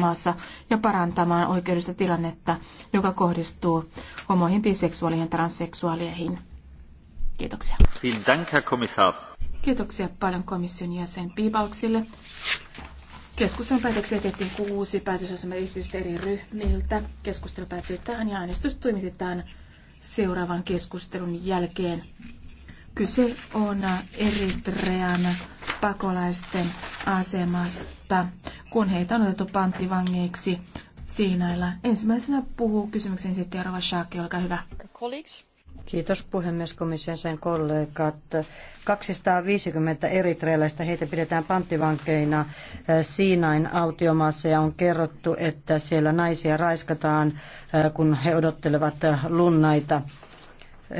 maassa ja parantamaan oikeudellista tilannetta, joka kohdistuu homoihin, biseksuaaliin ja transseksuaaleihin. Kiitoksia. Dank, Herr Kiitoksia paljon komission jäsen Piipauksille. Keskustelun päätöksiä tehtiin kuusi päätösosamaesitystä eri ryhmiltä. Keskustelu päättyy tähän ja äänestys toimitetaan seuraavan keskustelun jälkeen. Kyse on Eritrean pakolaisten asemasta, kun heitä on otettu panttivangeiksi Siinailla. Ensimmäisenä puhuu kysymyksen sitten arva Shaki, olkaa hyvä. Colleagues. Kiitos puhemies komission sen kollegat. 250 eritrealaista heitä pidetään panttivankeina eh, Siinain autiomaassa ja on kerrottu, että siellä naisia raiskataan, eh, kun he odottelevat eh, lunnaita.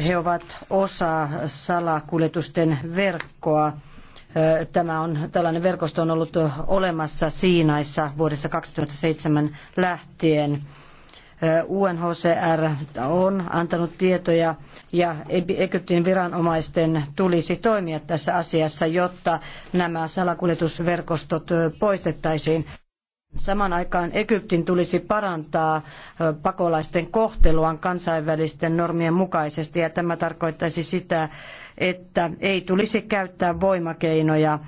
He ovat osa salakuljetusten verkkoa. Tämä on, tällainen verkosto on ollut olemassa Siinaissa vuodesta 2007 lähtien. UNHCR on antanut tietoja ja Egyptin viranomaisten tulisi toimia tässä asiassa, jotta nämä salakuljetusverkostot poistettaisiin. Saman aikaan Egyptin tulisi parantaa pakolaisten kohteluaan kansainvälisten normien mukaisesti ja tämä tarkoittaisi sitä, että ei tulisi käyttää voimakeinoja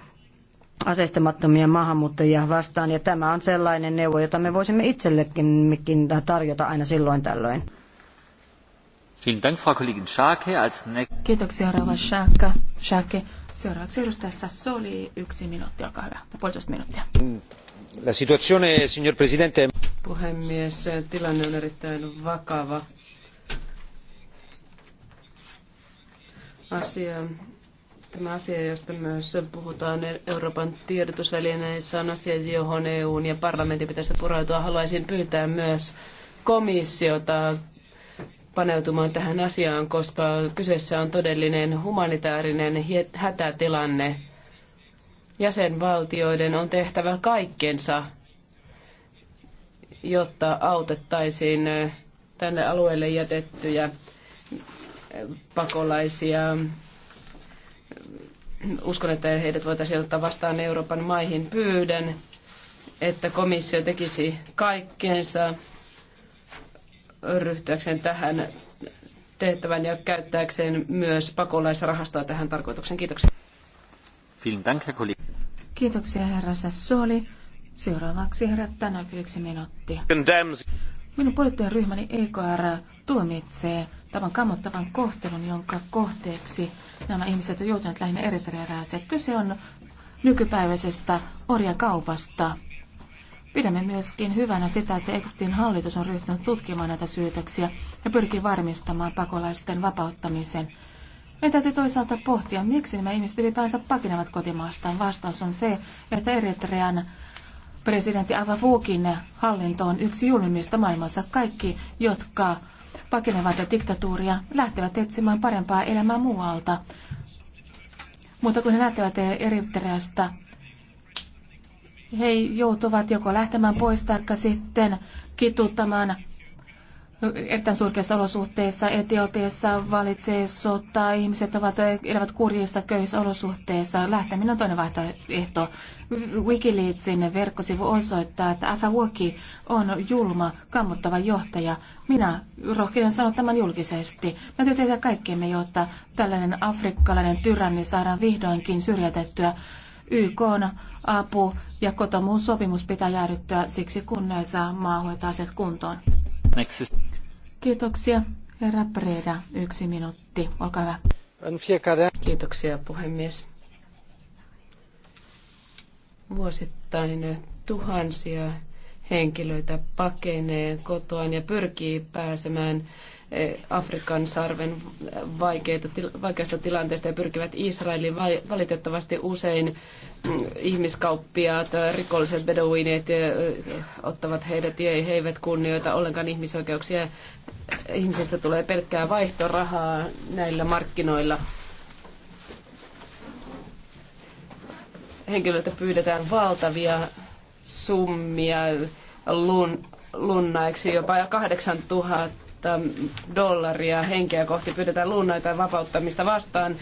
aseistamattomia maahanmuuttajia vastaan ja tämä on sellainen neuvo, jota me voisimme itsellekin tarjota aina silloin tällöin. Kiitoksia, Rava Shaka. Seuraavaksi edustaja Sassoli, yksi minuutti, olkaa hyvä, puolitoista minuuttia. La situazione, signor Presidente. Puhemies, tilanne on erittäin vakava. Asia, tämä asia, josta myös puhutaan Euroopan tiedotusvälineissä, on asia, johon EUn ja parlamentin pitäisi pureutua. Haluaisin pyytää myös komissiota paneutumaan tähän asiaan, koska kyseessä on todellinen humanitaarinen hätätilanne. Jäsenvaltioiden on tehtävä kaikkensa, jotta autettaisiin tänne alueelle jätettyjä pakolaisia. Uskon, että heidät voitaisiin ottaa vastaan Euroopan maihin pyydän, että komissio tekisi kaikkeensa ryhtyäkseen tähän tehtävän ja käyttääkseen myös pakolaisrahastoa tähän tarkoitukseen. Kiitoksia. Kiitoksia herra Sassoli. Seuraavaksi herra Tanak yksi minuutti. Minun poliittinen ryhmäni EKR tuomitsee tavan kammottavan kohtelun, jonka kohteeksi nämä ihmiset ovat joutuneet lähinnä eritreeräiset. Kyse on nykypäiväisestä orjakaupasta Pidämme myöskin hyvänä sitä, että Egyptin hallitus on ryhtynyt tutkimaan näitä syytöksiä ja pyrkii varmistamaan pakolaisten vapauttamisen. Meidän täytyy toisaalta pohtia, miksi nämä ihmiset ylipäänsä pakenevat kotimaastaan. Vastaus on se, että Eritrean presidentti Avavuukin hallinto on yksi julmimmista maailmassa. Kaikki, jotka pakenevat diktatuuria, lähtevät etsimään parempaa elämää muualta. Mutta kun he lähtevät Eritreasta, he joutuvat joko lähtemään pois tai sitten kituuttamaan erittäin surkeissa olosuhteissa. Etiopiassa valitsee sota, ihmiset ovat, elävät kurjissa, köyhissä olosuhteissa. Lähteminen on toinen vaihtoehto. Wikileaksin verkkosivu osoittaa, että Afawaki on julma, kammottava johtaja. Minä rohkinen sanoa tämän julkisesti. Me tehdä kaikkemme, jotta tällainen afrikkalainen tyranni saadaan vihdoinkin syrjäytettyä. YK on apu ja kotomuun sopimus pitää jäädyttää siksi, kunnes maa hoitaa asiat kuntoon. Kiitoksia. Herra Preda, yksi minuutti. Olkaa hyvä. Kiitoksia puhemies. Vuosittain tuhansia henkilöitä pakenee kotoaan ja pyrkii pääsemään eh, Afrikan sarven vaikeita, vaikeasta tilanteesta ja pyrkivät Israeliin. Valitettavasti usein mm, ihmiskauppiaat, rikolliset beduineet eh, ottavat heidät ja he eivät kunnioita ollenkaan ihmisoikeuksia. Ihmisistä tulee pelkkää vaihtorahaa näillä markkinoilla. henkilöitä pyydetään valtavia summia lun, lunnaiksi, jopa 8000 dollaria henkeä kohti pyydetään lunnaita vapauttamista vastaan.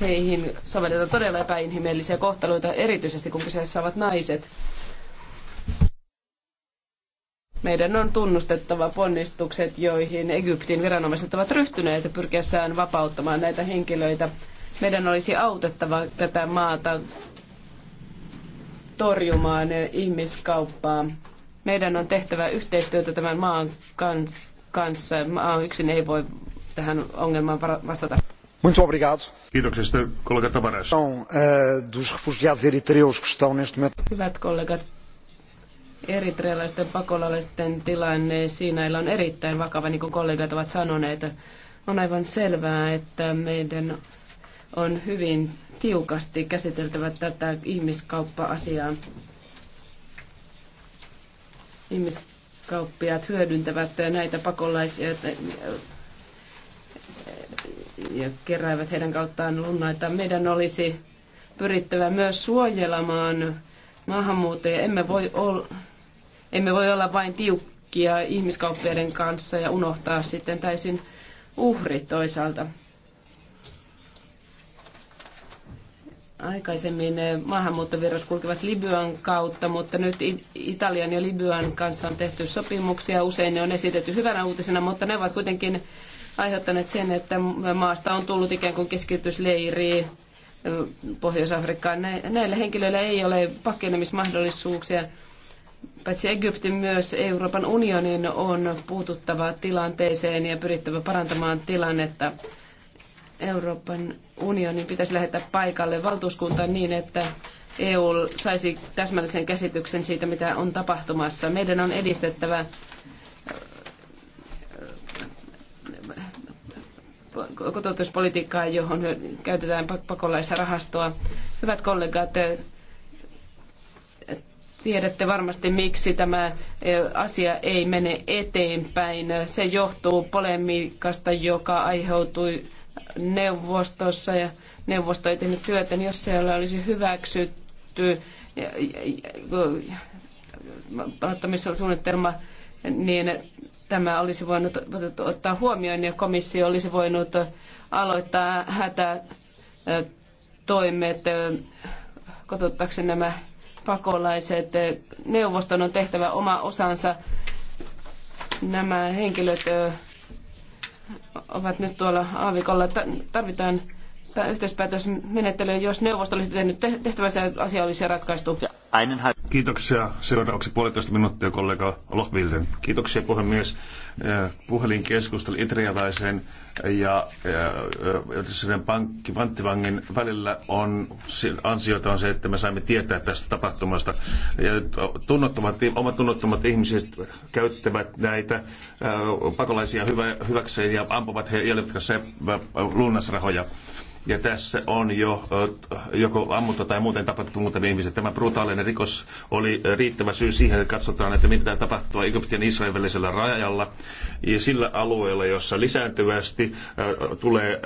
Heihin sovelletaan todella epäinhimillisiä kohteluita, erityisesti kun kyseessä ovat naiset. Meidän on tunnustettava ponnistukset, joihin Egyptin viranomaiset ovat ryhtyneet pyrkiessään vapauttamaan näitä henkilöitä. Meidän olisi autettava tätä maata torjumaan ihmiskauppaa. Meidän on tehtävä yhteistyötä tämän maan kanssa. Maa yksin ei voi tähän ongelmaan vastata. Muito obrigado. Kiitoksesta, kollega Tavares. Eh, dos refugiados eritreus que estão neste momento. Hyvät kollegat, eritrealaisten pakolaisten tilanne Siinailla on erittäin vakava, niin kuin kollegat ovat sanoneet. On aivan selvää, että meidän on hyvin tiukasti käsiteltävä tätä ihmiskauppa-asiaa. Ihmiskauppiaat hyödyntävät näitä pakolaisia ja keräävät heidän kauttaan lunnaita. Meidän olisi pyrittävä myös suojelemaan maahanmuuttajia. Emme voi, ol, emme voi olla vain tiukkia ihmiskauppiaiden kanssa ja unohtaa sitten täysin uhri toisaalta. Aikaisemmin eh, maahanmuuttovirrat kulkivat Libyan kautta, mutta nyt Italian ja Libyan kanssa on tehty sopimuksia. Usein ne on esitetty hyvänä uutisena, mutta ne ovat kuitenkin aiheuttaneet sen, että maasta on tullut ikään kuin keskitysleiri eh, Pohjois-Afrikkaan. Näillä henkilöillä ei ole pakenemismahdollisuuksia. Paitsi Egyptin myös Euroopan unionin on puututtava tilanteeseen ja pyrittävä parantamaan tilannetta. Euroopan unionin pitäisi lähettää paikalle valtuuskuntaan niin, että EU saisi täsmällisen käsityksen siitä, mitä on tapahtumassa. Meidän on edistettävä äh, kotoutuspolitiikkaa, johon käytetään pakolaisrahastoa. Hyvät kollegat, tiedätte varmasti, miksi tämä e, asia ei mene eteenpäin. Se johtuu polemiikasta, joka aiheutui neuvostossa ja neuvosto ei tehnyt työtä, niin jos siellä olisi hyväksytty palattamissuunnitelma, niin tämä olisi voinut ottaa huomioon ja komissio olisi voinut aloittaa hätätoimet kotouttaakseen nämä pakolaiset. Neuvoston on tehtävä oma osansa. Nämä henkilöt ovat nyt tuolla aavikolla. Tarvitaan yhteispäätösmenettelyä, jos neuvosto olisi tehnyt tehtävänsä, asia olisi ratkaistu. Kiitoksia. Seuraavaksi puolitoista minuuttia kollega Lohvilden. Kiitoksia puhemies. Puhelin keskustelu itrialaisen ja sen pankki, panttivangin välillä on, ansiota on se, että me saimme tietää tästä tapahtumasta. Ja tunnottomat, omat tunnottomat ihmiset käyttävät näitä pakolaisia hyväkseen ja ampuvat he Jelfkassa lunnasrahoja ja tässä on jo joko ammuttu tai muuten tapahtunut muutamia ihmisiä. Tämä brutaalinen rikos oli riittävä syy siihen, että katsotaan, että mitä tapahtuu Egyptin ja Israelin välisellä rajalla ja sillä alueella, jossa lisääntyvästi tulee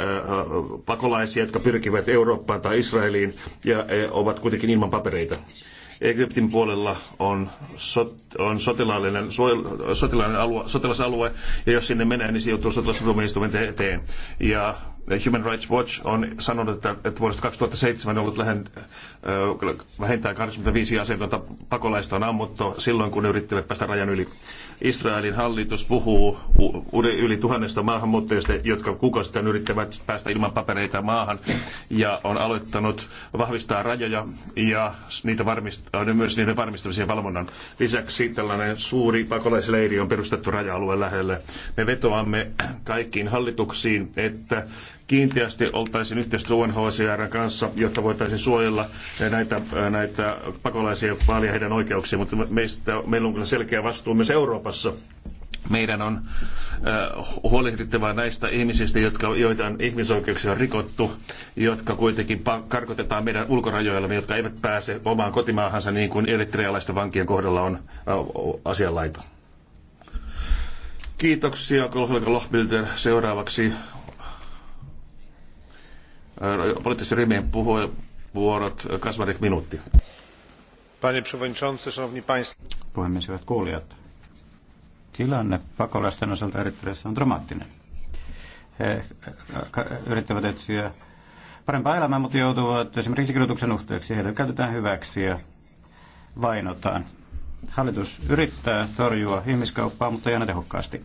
pakolaisia, jotka pyrkivät Eurooppaan tai Israeliin ja ovat kuitenkin ilman papereita. Egyptin puolella on, sot, on sotilaallinen, suojel, sotilaallinen alue, sotilasalue, ja jos sinne menee, niin se joutuu sotilastuomioistuimen eteen. Ja Human Rights Watch on sanonut, että, että vuodesta 2007 on ollut lähen, äh, vähintään 85 aseetonta pakolaista on ammuttu silloin, kun yrittivät päästä rajan yli. Israelin hallitus puhuu yli tuhannesta maahanmuuttajista, jotka kuukausi yrittävät päästä ilman papereita maahan ja on aloittanut vahvistaa rajoja ja niitä varmist- äh, myös niiden varmistamisen ja valvonnan. Lisäksi tällainen suuri pakolaisleiri on perustettu raja-alueen lähelle. Me vetoamme kaikkiin hallituksiin, että kiinteästi oltaisiin yhteistyössä UNHCRn kanssa, jotta voitaisiin suojella eh, näitä, eh, näitä pakolaisia ja vaalia heidän oikeuksia, mutta meistä, meillä on kyllä selkeä vastuu myös Euroopassa meidän on eh, huolehdittava näistä ihmisistä, jotka, joita on ihmisoikeuksia on rikottu, jotka kuitenkin karkotetaan meidän ulkorajoillamme, jotka eivät pääse omaan kotimaahansa niin kuin elektrialaisten vankien kohdalla on asianlaita. Kiitoksia Kolhoika Lohbilder. Seuraavaksi No, poliittisten ryhmien puheenvuorot. Kasvarik minuutti. Panie przewodniczący, Puhemies, hyvät kuulijat. Tilanne pakolaisten osalta Eritreassa on dramaattinen. He yrittävät etsiä parempaa elämää, mutta joutuvat esimerkiksi kidutuksen uhteeksi. Heitä käytetään hyväksi ja vainotaan. Hallitus yrittää torjua ihmiskauppaa, mutta ei aina tehokkaasti.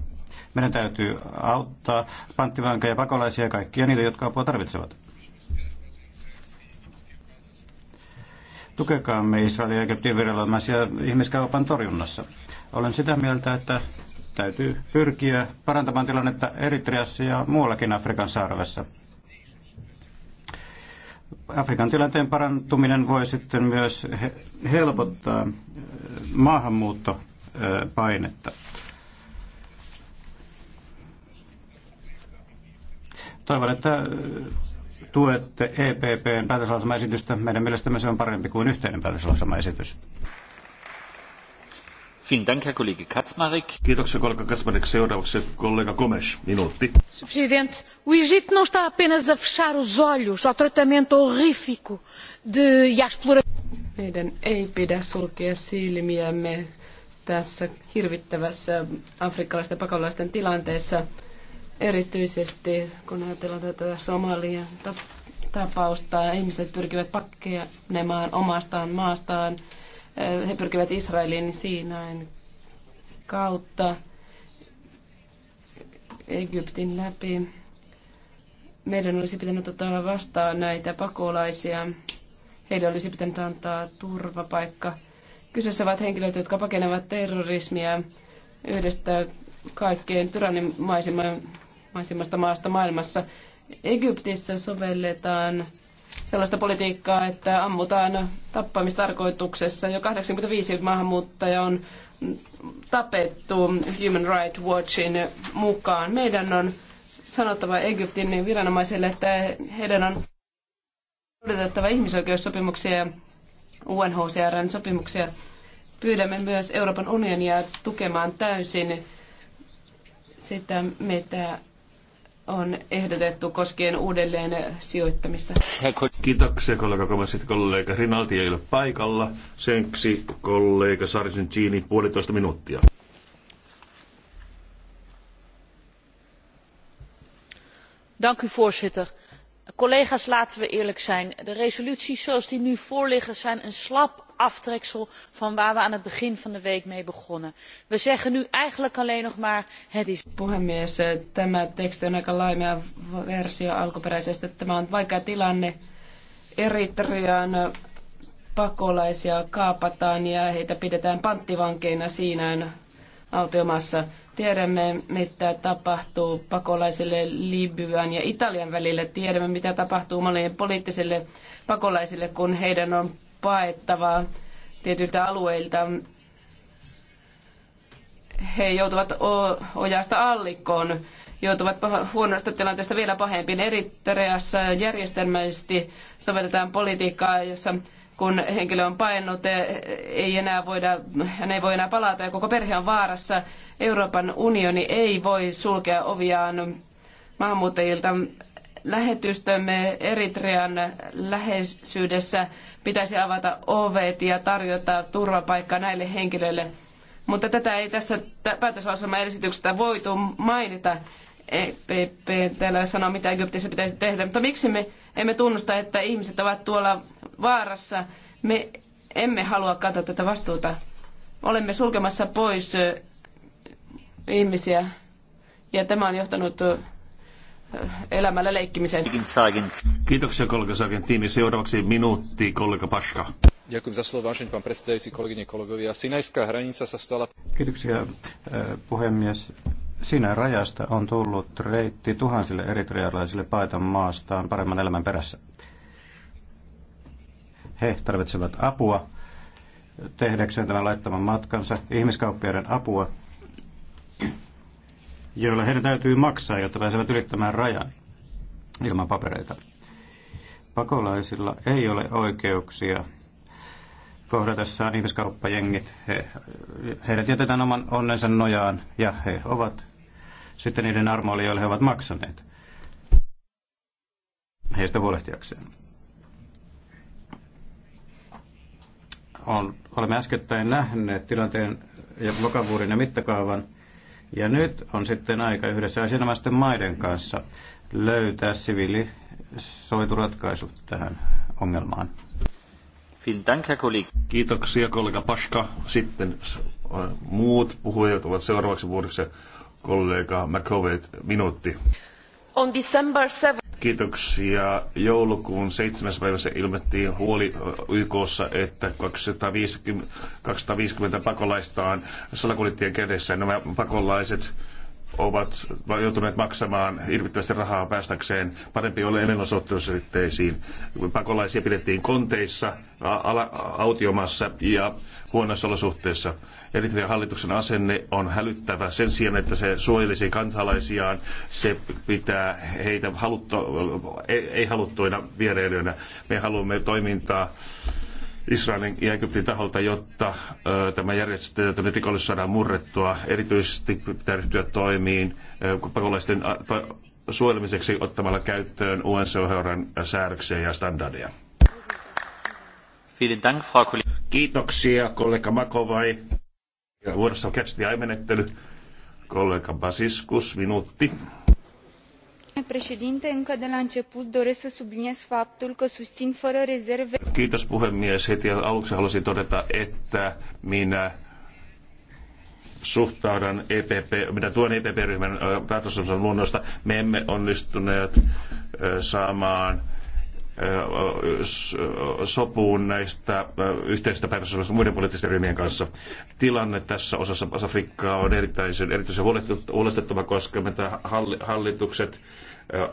Meidän täytyy auttaa panttivankeja, pakolaisia ja kaikkia niitä, jotka apua tarvitsevat. Tukekaamme Israelia ja Egyptin viranomaisia ihmiskaupan torjunnassa. Olen sitä mieltä, että täytyy pyrkiä parantamaan tilannetta Eritreassa ja muuallakin Afrikan saarvessa. Afrikan tilanteen parantuminen voi sitten myös helpottaa äh, maahanmuuttopainetta. Äh, Toivon, että äh, tuette EPPn päätöslauselmaesitystä. Meidän mielestämme se on parempi kuin yhteinen päätöslauselmaesitys. Kiitoksia kollega Katsmarik. Seuraavaksi kollega Gomes, minuutti. President, o Egito não está apenas a fechar os olhos ao tratamento horrífico de e Meidän ei pidä sulkea silmiämme tässä hirvittävässä afrikkalaisten pakolaisten tilanteessa. Erityisesti kun ajatellaan tätä Somalian tapausta, ihmiset pyrkivät pakkenemaan omastaan maastaan. He pyrkivät Israelin Siinain kautta Egyptin läpi. Meidän olisi pitänyt ottaa vastaan näitä pakolaisia. Heille olisi pitänyt antaa turvapaikka. Kyseessä ovat henkilöt, jotka pakenevat terrorismia yhdestä kaikkein tyrannimaisemman maisimmasta maasta maailmassa. Egyptissä sovelletaan sellaista politiikkaa, että ammutaan tappamistarkoituksessa. Jo 85 maahanmuuttaja on tapettu Human Rights Watchin mukaan. Meidän on sanottava Egyptin viranomaisille, että heidän on odotettava ihmisoikeussopimuksia ja UNHCRn sopimuksia. Pyydämme myös Euroopan unionia tukemaan täysin sitä, mitä on ehdotettu koskien uudelleen sijoittamista. Kiitoksia kollega Kovasit, kollega Rinaldi ei ole paikalla. Senksi kollega Sargentini puolitoista minuuttia. Dank u voorzitter collega's laten we eerlijk zijn de resoluties zoals die nu voorliggen zijn een slap aftreksel van waar we aan het begin van de week mee begonnen. we zeggen nu eigenlijk alleen nog maar het is. puhemies eh, tämä teksti on aika laimea versio alkuperäisestä. Tämä on vaikea tilanne. Eritrean eh, pakolaisia kaapataan ja heitä pidetään panttivankeina siinä autiomassa. Tiedämme, mitä tapahtuu pakolaisille Libyan ja Italian välillä. Tiedämme, mitä tapahtuu monille poliittisille pakolaisille, kun heidän on paettava tietyiltä alueilta. He joutuvat ojasta allikkoon, joutuvat huonosta tilanteesta vielä pahempiin. Eritreassa järjestelmällisesti sovelletaan politiikkaa, jossa kun henkilö on paennut, e, ei enää voida, hän ei voi enää palata ja koko perhe on vaarassa. Euroopan unioni ei voi sulkea oviaan maahanmuuttajilta. Lähetystömme Eritrean läheisyydessä pitäisi avata ovet ja tarjota turvapaikkaa näille henkilöille. Mutta tätä ei tässä päätöslauselman esityksestä voitu mainita. EPP täällä sanoo, mitä Egyptissä pitäisi tehdä, mutta miksi me emme tunnusta, että ihmiset ovat tuolla vaarassa? Me emme halua kantaa tätä vastuuta. Olemme sulkemassa pois ihmisiä ja tämä on johtanut elämällä leikkimiseen. Kiitoksia kollega Sagen tiimi. Seuraavaksi minuutti kollega Paska. Ďakujem za slovo, vážený pán predsedajúci, kolegyne, kolegovia. Sinajská hranica sa stala... Kiitoksia, puhemies. Sinä rajasta on tullut reitti tuhansille eritrealaisille paitan maastaan paremman elämän perässä. He tarvitsevat apua tehdäkseen tämän laittaman matkansa, ihmiskauppiaiden apua, joilla heidän täytyy maksaa, jotta pääsevät ylittämään rajan ilman papereita. Pakolaisilla ei ole oikeuksia kohdatessaan ihmiskauppajengit, he, heidät jätetään oman onnensa nojaan ja he ovat sitten niiden armoille, joille he ovat maksaneet heistä huolehtiakseen. On, olemme äskettäin nähneet tilanteen ja vakavuuden ja mittakaavan, ja nyt on sitten aika yhdessä asianomaisten maiden kanssa löytää siviilisoituratkaisu tähän ongelmaan. Kiitoksia kollega Paska. Sitten äh, muut puhujat ovat seuraavaksi vuodeksi kollega McCovey minuutti. On December 7. Kiitoksia. Joulukuun 7. päivässä ilmettiin huoli äh, YKssa, että 250, 250 pakolaista on salakulittien kädessä. Nämä pakolaiset ovat joutuneet maksamaan hirvittävästi rahaa päästäkseen parempiin ole elinolosuhteisiin. Pakolaisia pidettiin konteissa, autiomassa ja huonoissa olosuhteissa. Eritrean hallituksen asenne on hälyttävä. Sen sijaan, että se suojelisi kansalaisiaan, se pitää heitä haluttu, e- ei, ei haluttuina viereilijöinä. Me haluamme toimintaa Israelin ja Egyptin taholta, jotta tämä järjestetty rikollisuus saadaan murrettua. Erityisesti pitää ryhtyä toimiin pakolaisten suojelemiseksi ottamalla käyttöön UNCHRn säädöksiä ja standardeja. Kiitoksia kollega Makovai. Ja vuorossa on catch the eye-menettely. Kollega Basiskus, minuutti încă de la început doresc să subliniez faptul că susțin fără rezerve... Kiitos puhemies. Heti aluksi halusin todeta, että minä suhtaudan EPP, minä tuen EPP-ryhmän päätösosaston luonnosta. Me emme onnistuneet saamaan sopuun näistä yhteisistä päätöksistä muiden poliittisten ryhmien kanssa. Tilanne tässä osassa Afrikkaa on erittäin, erityisen huolestuttava, koska me hallitukset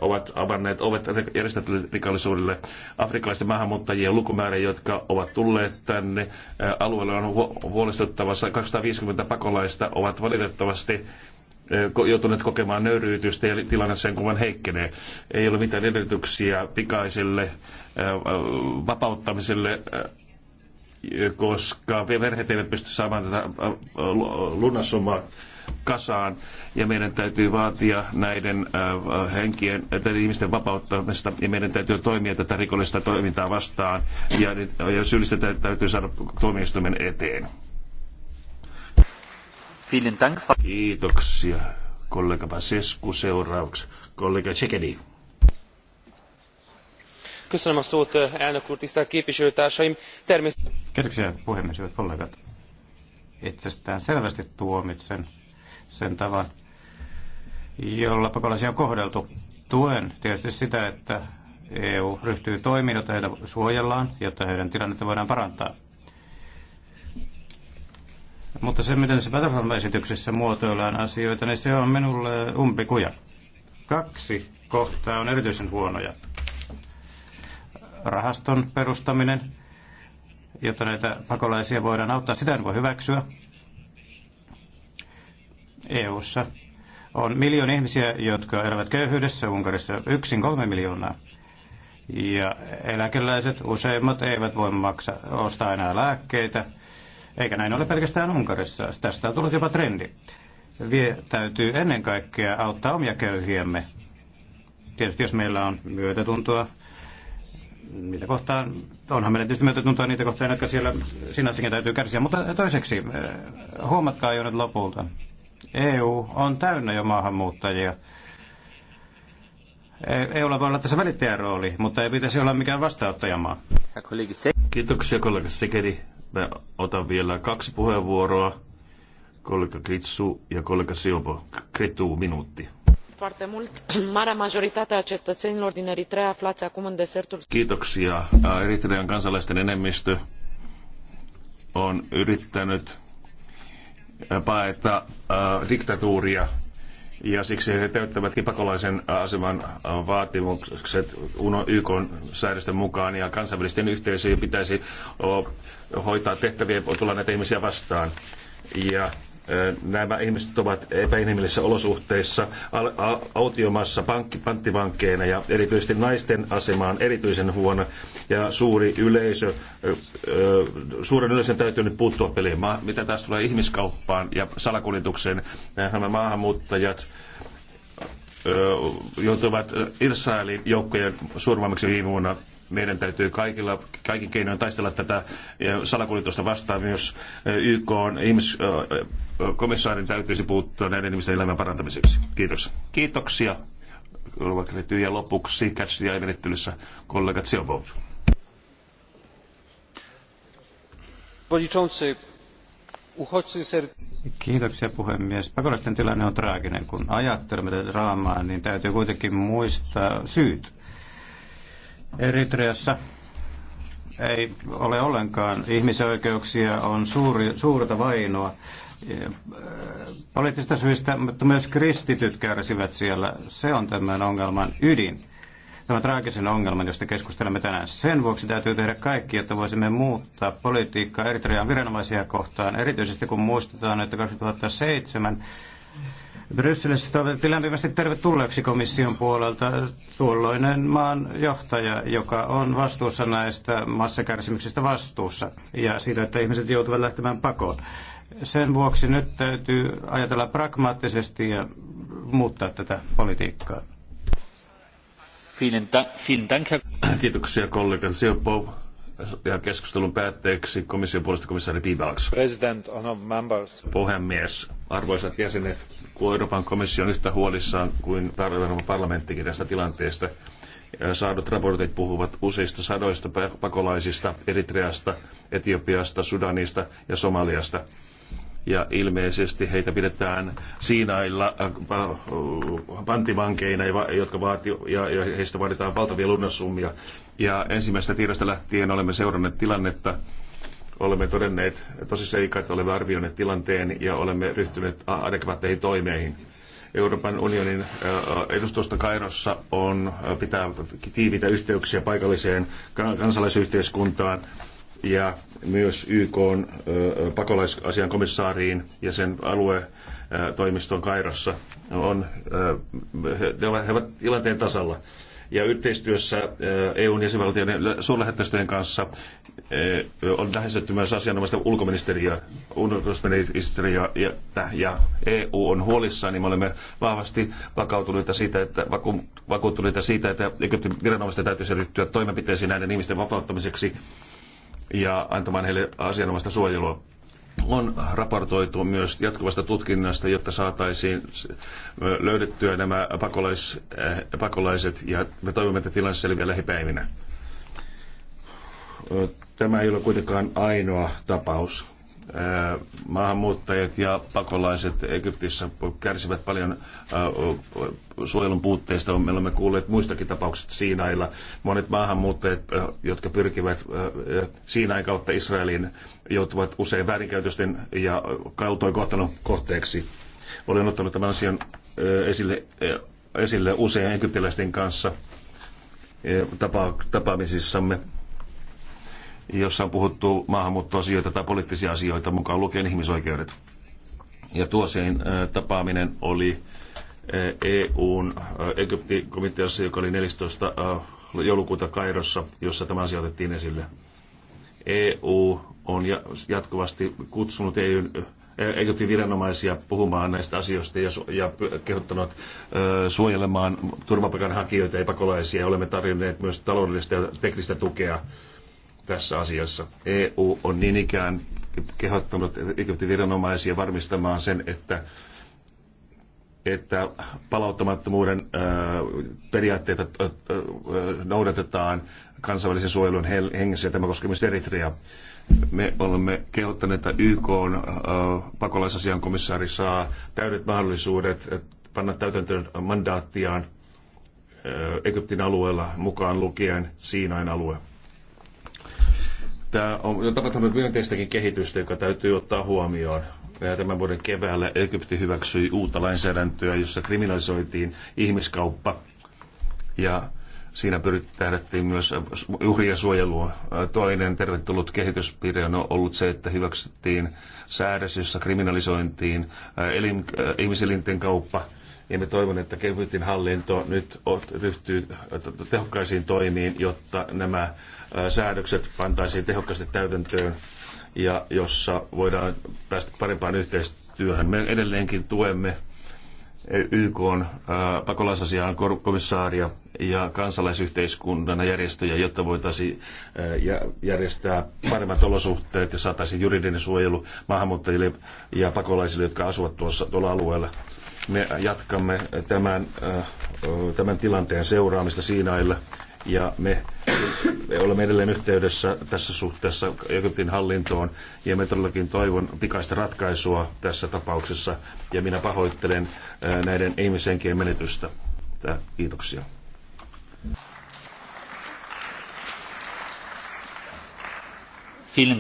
ovat avanneet ovet järjestetylle rikollisuudelle. Afrikkalaisten maahanmuuttajien lukumäärä, jotka ovat tulleet tänne alueella on huolestuttavassa. 250 pakolaista ovat valitettavasti joutuneet kokemaan nöyryytystä ja tilanne sen kuvan heikkenee. Ei ole mitään edellytyksiä pikaiselle vapauttamiselle, koska perheet eivät pysty saamaan tätä lunnassumaa kasaan ja meidän täytyy vaatia näiden henkien, näiden ihmisten vapauttamista ja meidän täytyy toimia tätä rikollista toimintaa vastaan ja, ja syyllistettä täytyy saada tuomioistuimen eteen. Kiitoksia kollega Basescu seuraavaksi. Kollega Tsekedi. Köszönöm a szót, elnök úr, tisztelt képviselőtársaim. Természetesen... Kiitoksia puhemies, hyvät kollegat. Itsestään selvästi tuomitsen sen tavan, jolla pakolaisia on kohdeltu. Tuen tietysti sitä, että EU ryhtyy toimiin, jotta heitä suojellaan, jotta heidän tilannetta voidaan parantaa. Mutta se, miten se Battlefront-esityksessä muotoillaan asioita, niin se on minulle umpikuja. Kaksi kohtaa on erityisen huonoja. Rahaston perustaminen, jotta näitä pakolaisia voidaan auttaa, sitä en voi hyväksyä. EU:ssa on miljoonia ihmisiä, jotka elävät köyhyydessä, Unkarissa yksin kolme miljoonaa. Ja eläkeläiset useimmat eivät voi maksaa, ostaa enää lääkkeitä eikä näin ole pelkästään Unkarissa. Tästä on tullut jopa trendi. Vie, täytyy ennen kaikkea auttaa omia köyhiämme. Tietysti jos meillä on myötätuntoa, niitä kohtaan, onhan meillä tietysti myötätuntoa niitä kohtaan, jotka siellä sinänsäkin täytyy kärsiä. Mutta toiseksi, eh, huomatkaa jo nyt lopulta. EU on täynnä jo maahanmuuttajia. EUlla e voi olla tässä välittäjän rooli, mutta ei pitäisi olla mikään vastaanottajamaa. Kiitoksia kollega Sekeri että otan vielä kaksi puheenvuoroa. Kollega Kritsu ja kollega Siobo. Kritu, minuutti. acum Kiitoksia. Eritrean kansalaisten enemmistö on yrittänyt paeta äh, diktatuuria ja siksi he täyttävätkin pakolaisen aseman vaatimukset YK säädösten mukaan ja kansainvälisten yhteisöjen pitäisi hoitaa tehtäviä ja tulla näitä ihmisiä vastaan. Ja Nämä ihmiset ovat epäinhimillisissä olosuhteissa autiomassa pankki, panttivankkeina ja erityisesti naisten asema on erityisen huono ja suuri yleisö, suuren yleisön täytyy nyt puuttua peliin. Mitä tässä tulee ihmiskauppaan ja salakuljetukseen, nämä maahanmuuttajat joutuivat Israelin joukkojen surmaamiksi viime vuonna. Meidän täytyy kaikilla, kaikin keinoin taistella tätä salakuljetusta vastaan. Myös YK on ihmiskomissaarin täytyisi puuttua näiden ihmisten elämän parantamiseksi. Kiitos. Kiitoksia. ja lopuksi Catch ja menettelyssä kollega Tsiobov. Panie Kiitoksia puhemies. Pakolaisten tilanne on traaginen. Kun ajattelemme tätä draamaa, niin täytyy kuitenkin muistaa syyt. Eritreassa ei ole ollenkaan ihmisoikeuksia, on suuri, suurta vainoa poliittisista syistä, mutta myös kristityt kärsivät siellä. Se on tämän ongelman ydin tämän traagisen ongelman, josta keskustelemme tänään. Sen vuoksi täytyy tehdä kaikki, jotta voisimme muuttaa politiikkaa Eritrean viranomaisia kohtaan, erityisesti kun muistetaan, että 2007 Brysselissä toivotettiin lämpimästi tervetulleeksi komission puolelta tuolloinen maan johtaja, joka on vastuussa näistä massakärsimyksistä vastuussa ja siitä, että ihmiset joutuvat lähtemään pakoon. Sen vuoksi nyt täytyy ajatella pragmaattisesti ja muuttaa tätä politiikkaa. Kiitoksia kollega Siopov. Ja keskustelun päätteeksi komission puolesta komissaari Piebalgs. President, members. Puhemies, arvoisat jäsenet, kun Euroopan komissio on yhtä huolissaan kuin Euroopan parlamenttikin tästä tilanteesta. Saadut raportit puhuvat useista sadoista pakolaisista Eritreasta, Etiopiasta, Sudanista ja Somaliasta – ja ilmeisesti heitä pidetään Siinailla äh, panttivankeina, jotka vaati, ja, ja heistä vaaditaan valtavia lunnassummia. Ja ensimmäisestä tiedosta lähtien olemme seuranneet tilannetta, olemme todenneet tosi että olemme arvioineet tilanteen ja olemme ryhtyneet adekvaatteihin toimeihin. Euroopan unionin äh, edustusta Kairossa on, äh, pitää tiiviitä yhteyksiä paikalliseen kansalaisyhteiskuntaan ja myös YK on pakolaisasian komissaariin ja sen aluetoimistoon Kairossa. On, he ovat tilanteen tasalla. Ja yhteistyössä EUn jäsenvaltioiden suurlähetystöjen kanssa on lähestytty myös asianomaista ulkoministeriä ulkoministeriä ja, ja EU on huolissaan, niin me olemme vahvasti vakautuneita siitä, että, vakuuttuneita siitä, että Egyptin viranomaisten täytyisi ryhtyä toimenpiteisiin näiden ihmisten vapauttamiseksi ja antamaan heille asianomaista suojelua. On raportoitu myös jatkuvasta tutkinnasta, jotta saataisiin löydettyä nämä pakolais, äh, pakolaiset ja me toivomme, että tilanne selviää lähipäivinä. Tämä ei ole kuitenkaan ainoa tapaus maahanmuuttajat ja pakolaiset Egyptissä kärsivät paljon suojelun puutteista. Me olemme kuulleet muistakin tapauksista Siinailla. Monet maahanmuuttajat, jotka pyrkivät Siinain kautta Israeliin, joutuvat usein väärinkäytösten ja kaltoinkohtelun kohteeksi. Olen ottanut tämän asian esille, esille usein egyptiläisten kanssa tapaamisissamme jossa on puhuttu maahanmuuttoasioita tai poliittisia asioita, mukaan lukien ihmisoikeudet. Ja tuoseen tapaaminen oli EUn Egyptikomiteassa, joka oli 14 joulukuuta Kairossa, jossa tämä asia otettiin esille. EU on jatkuvasti kutsunut EUn Egyptin viranomaisia puhumaan näistä asioista ja, ja kehottanut ö, suojelemaan turvapaikanhakijoita ja pakolaisia. Olemme tarjonneet myös taloudellista ja teknistä tukea tässä asiassa. EU on niin ikään kehottanut Egyptin viranomaisia varmistamaan sen, että, että palauttamattomuuden periaatteita noudatetaan kansainvälisen suojelun hengessä, ja tämä koskee myös Eritreaa. Me olemme kehottaneet, että YK on pakolaisasian komissaari saa täydet mahdollisuudet panna täytäntöön mandaattiaan Egyptin alueella mukaan lukien Siinain alue. Tämä on tapahtunut myönteistäkin kehitystä, joka täytyy ottaa huomioon. Tämän vuoden keväällä Egypti hyväksyi uutta lainsäädäntöä, jossa kriminalisoitiin ihmiskauppa ja siinä pyrittiin myös uhria suojelua. Toinen tervetullut kehityspiirre on ollut se, että hyväksyttiin säädös, jossa kriminalisointiin elin ihmiselinten kauppa ja me toivon, että kevytin hallinto nyt ryhtyy tehokkaisiin toimiin, jotta nämä säädökset pantaisiin tehokkaasti täytäntöön ja jossa voidaan päästä parempaan yhteistyöhön. Me edelleenkin tuemme YK on pakolaisasiaan komissaaria ja kansalaisyhteiskunnan järjestöjä, jotta voitaisiin järjestää paremmat olosuhteet ja saataisiin juridinen suojelu maahanmuuttajille ja pakolaisille, jotka asuvat tuossa, tuolla alueella. Me jatkamme tämän, äh, tämän tilanteen seuraamista Siinailla ja me, me olemme edelleen yhteydessä tässä suhteessa Egyptin hallintoon ja me todellakin toivon pikaista ratkaisua tässä tapauksessa ja minä pahoittelen äh, näiden ihmishenkien menetystä. Kiitoksia.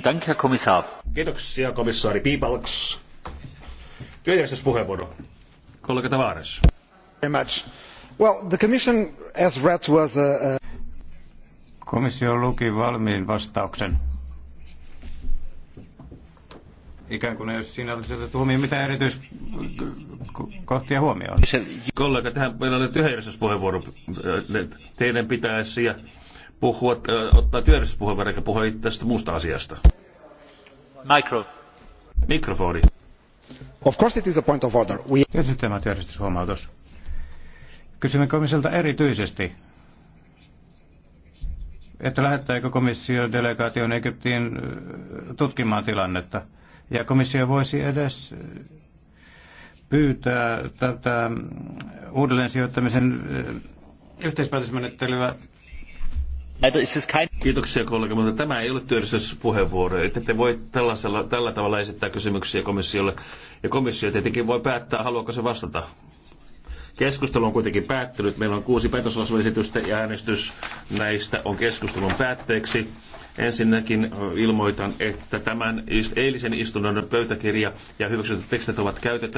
Dank, Herr Kiitoksia, komissaari Piipalks. Työjärjestyspuheenvuoro. Kollega Tavares. Well, the commission, as read, was a, Komissio luki valmiin vastauksen. Ikään kuin jos siinä olisi otettu huomioon mitään erityiskohtia huomioon. Kollega, tähän meillä oli työjärjestyspuheenvuoro. Teidän pitäisi puhua, äh, ottaa työjärjestyspuheenvuoro eikä puhua tästä muusta asiasta. Micro. Mikrofoni. Of course it is a point of order. We... Tietysti tämä työjärjestyshuomautus. Kysymme komissiolta erityisesti, että lähettääkö komissio delegaation Egyptiin tutkimaan tilannetta. Ja komissio voisi edes pyytää tätä uudelleen sijoittamisen yhteispäätösmenettelyä Kiitoksia kollega, mutta tämä ei ole työllisyyspuheenvuoro. Että te voi tällaisella, tällä tavalla esittää kysymyksiä komissiolle. Ja komissio tietenkin voi päättää, haluaako se vastata. Keskustelu on kuitenkin päättynyt. Meillä on kuusi päätöslausumaesitystä ja äänestys näistä on keskustelun päätteeksi. Ensinnäkin ilmoitan, että tämän eilisen istunnon pöytäkirja ja hyväksytyt tekstit ovat käytettävissä.